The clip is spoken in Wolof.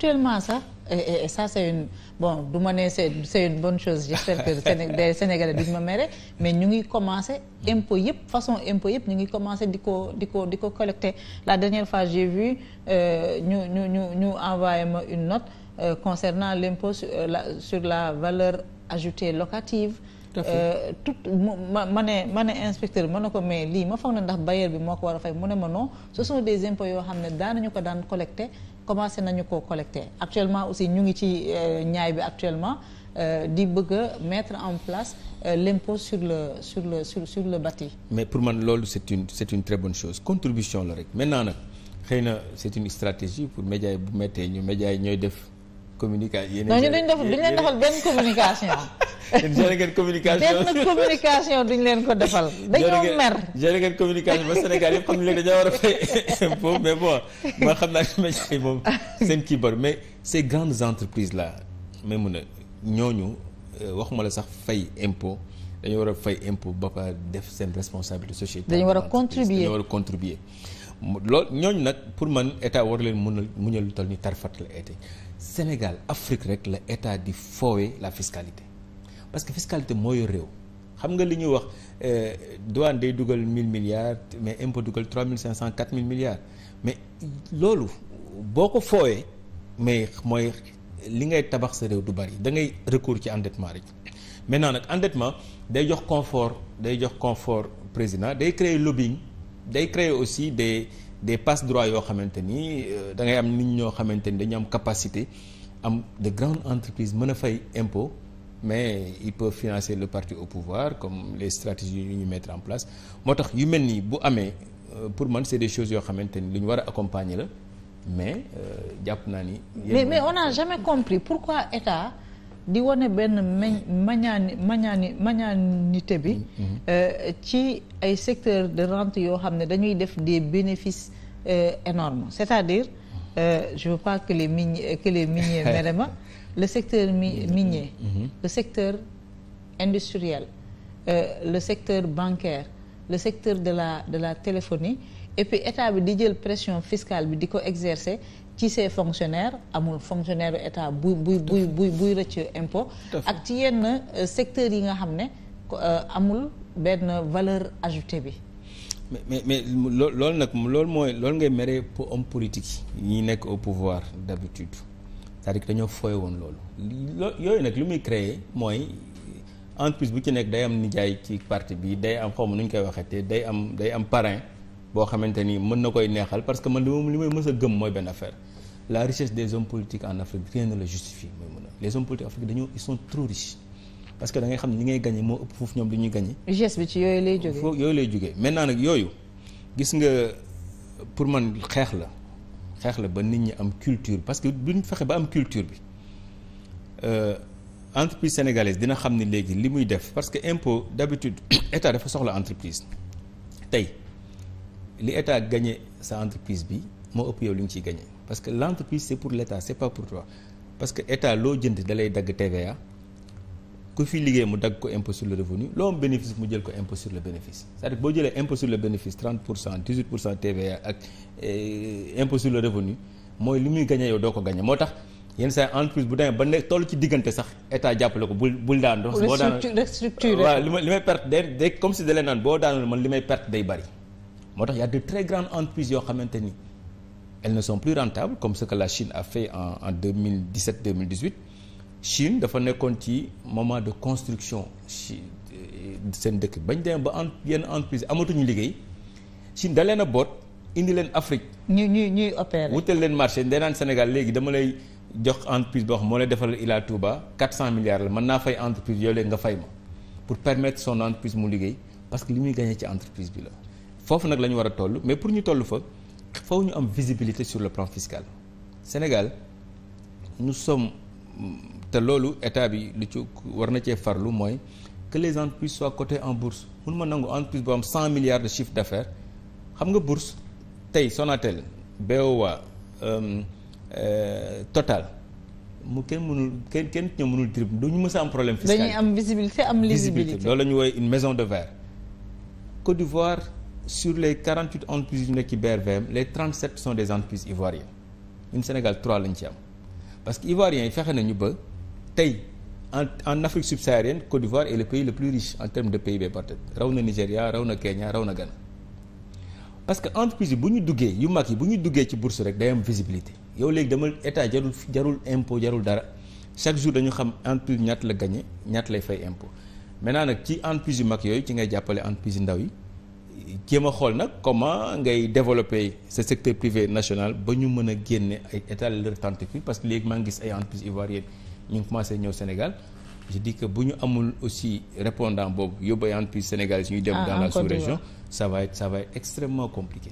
actuellement sax et, et une bon du ma ne c' est c' est une bonne chose j' que des duñ ma mere mais ñu ngi commencé impôt yëpp façon impôt yëpp ñu ngi commencé di ko di ko di ko collecté la dernière fois j'ai vu euh, ñu ñu ñu ñu envoyé ma une note euh, concernant l' impôt sur euh, la sur la valeur ajoutée locative Euh, tout ma ma ne ma ne inspecteur ma ne ko mais lii ma foog ne ndax bailleur bi moo ko war a fay mu ne ma non ce sont des impôts yoo xam ne daanañu ko daan collecté commencé nañu ko collecter actuellement aussi ñu ngi ci euh, ñaay bi actuellement euh, di bëgg a mettre en place euh, l'impôt sur le sur le sur sur le bâti. mais pour man loolu c'est une c'est une très bonne chose contribution la rek maintenant nag xëy na c'est une stratégie pour média yi bu mettee ñu média yi ñooy def communication. yéen dañu def duñu leen defal benn communication. jërë ngeen communication benn leen ko defal. dañoo mer jërë ngeen communication ba Sénégal yëpp xam ne léegi dañoo war a fay impôt mais bon man xam naa ne métier moom seen kii bor mais ces grandes entreprises là même mun a ñooñu euh, waxuma la sax fay impôt dañu war a fay impôt ba pare def seen responsabilité sociétale. dañu war a contribuer dañu war a contribuer. loolu ñooñu nag pour man état war leen mun a muñal lu toll ni tarfat la été Sénégal Afrique rek la état di foowe la fiscalité. parce que fiscalité moo yor réew xam nga li ñuy wax eh, douane day dugal 1000 milliards mais impôt dugal 3500 4000 milliards mais loolu boo ko fooyee mais mooy li ngay tabax sa réew du bari da ngay recours ci endettement rek maintenant nag endettement day jox confort day jox confort président day créer lobbying day créer aussi des des passe droits yoo xamante ni euh, da ngay am nit ñoo xamante ni dañu am capacité am de grandes entreprise mën a fay impôt mais il peuvent financer le parti au pouvoir comme les stratégies yu ñu mettre en place moo tax yu mel nii bu amee euh, pour man c'est des choses yoo xamante ni lu ñu war a accompagner la mais euh, jàpp naa ni. mais mais on n'a jamais compris pourquoi état di wane benn mañaani mañaani mañaanité bi. Mm-hmm. Euh, ci ay secteurs de rente yoo xam ne dañuy def des bénéfices énormes c'est-à-dire. euh, je veux pas que les miniers euh, que les miniers le secteur mi mm-hmm. minier mm-hmm. le secteur industriel euh, le secteur bancaire le secteur de la de la téléphonie et puis état bi di jël pression fiscale bi di ko exercer ci ses fonctionnaire amul fonctionnaire état buy buy buy buy buy rëcc impôt ak ci yenn euh, secteurs yi nga xam ne euh, amul benn valeur ajoutée bi mais mais mais loo loolu nag loolu mooy loolu ngay mere pour homme politique yi ñi nekk au pouvoir d'habitude cest dañoo fooy woon loolu yooyu nag li muy créer mooy entreprise bu ci nekk day am nijaay ci parti bi day am xaw ma nu ñu koy waxeete day am day am parrain boo xamante ni mën na koy neexal parce que man li li may mës a gëm mooy benn affaire la richesse des hommes politiques en Afrique rien la justifie mooy mën a les hommes politiques africains parce que da xam ni ngay gagné moo ëpp foofu ñoom li ñuy gagné. geste bi ci yooyu lay jógee foofu yooyu nag yooyu gis nga pour man xeex la xeex la ba nit ñi am culture parce que buñ fexe ba am culture bi euh, entreprise sénégalaise dina xam ne léegi li muy def parce que impôt d'habitude état dafa soxla entreprise tey li état gagné sa entreprise bi moo ëpp yow li nga ciy gagné parce que l'entreprise c'est pour l'état c'est pas pour toi parce que état loo jënd dalay dagg TVA. ku fi liggéey mu dagg ko impôt sur le revenu loo am bénéfice mu jël ko impôt sur le bénéfice c'est-à-dire boo jëlee impôt sur bénéfice 30 pour cent 18 pour cent TVA ak euh, impôt sur le mooy li muy gagné yow doo ko gagné moo tax yenn saa entreprise bu demee ba ne toll ci diggante sax état jàppale ko bul bul daan. boo daan restructuré waaw li may perte day comme si dalee naan boo daanul man li may perte day bari. moo tax y de très grandes entreprises yoo xamante ni elles ne sont Chine dafa nekkoon ci moment de construction seen dëkk bañ demee ba yenn entreprise amatuñu liggéey Chine da leen a boot indi leen Afrique. ñuy ñuy ñuy opérer. wutal leen marché ndey naan Sénégal léegi dama lay jox entreprise boo xam moo lay defaral Ila Touba 400 milliards la mën naa fay entreprise yooyu léegi nga fay ma pour permettre son entreprise mu liggéey parce que li muy gagné ci entreprise bi la. foofu nag la ñu war a toll mais pour ñu tollu fa faw ñu am visibilité sur le plan Sénégal te loolu état bi lu ci war na cee farlu mooy que les entreprises soient cotées en bourse mun ma nangu entreprise boo am cent milliards de chiffre d'affaires xam nga bourse tey Sonatel BOA euh, euh, Total mu kenn mënul kenn kenn ñoom mënul drib du ñu mës a am problème fiscal dañuy am visibilité am lisibilité loolu la ñu woowee une maison de verre Côte d'Ivoire sur les 48 entreprises yu nekk ci BRVM les 37 sont des entreprises ivoiriennes ñun Sénégal 3 lañ ci am parce que ivoiriens yi fexe tey en en Afrique subsaharienne Côte d'Ivoire est le pays le plus riche en termes de PIB par tête raw na Nigéria raw na Kenya raw na Ghana parce que entreprise yi bu ñu duggee yu mag yi bu ñu duggee ci bourse rek day am visibilité yow léegi dama état jarul jarul impôt jarul dara chaque jour dañu xam entreprise ñaata la gagné ñaata lay fay impôt maintenant nag ci entreprise yu mag yooyu ci ngay jàppale entreprise yu ndaw yi jéem a xool nag comment ngay développer sa secteur privé national ba ñu mën a génne ay état leur tentacule parce que léegi maa ngi gis ay entreprise ivoirienne ñu ngi commencé ñëw Sénégal je dis que bu ñu amul aussi répondant boobu yóbbu ay entreprises sénégalaises ñuy dem ah, dans la sous-région ça va extrêmement compliqué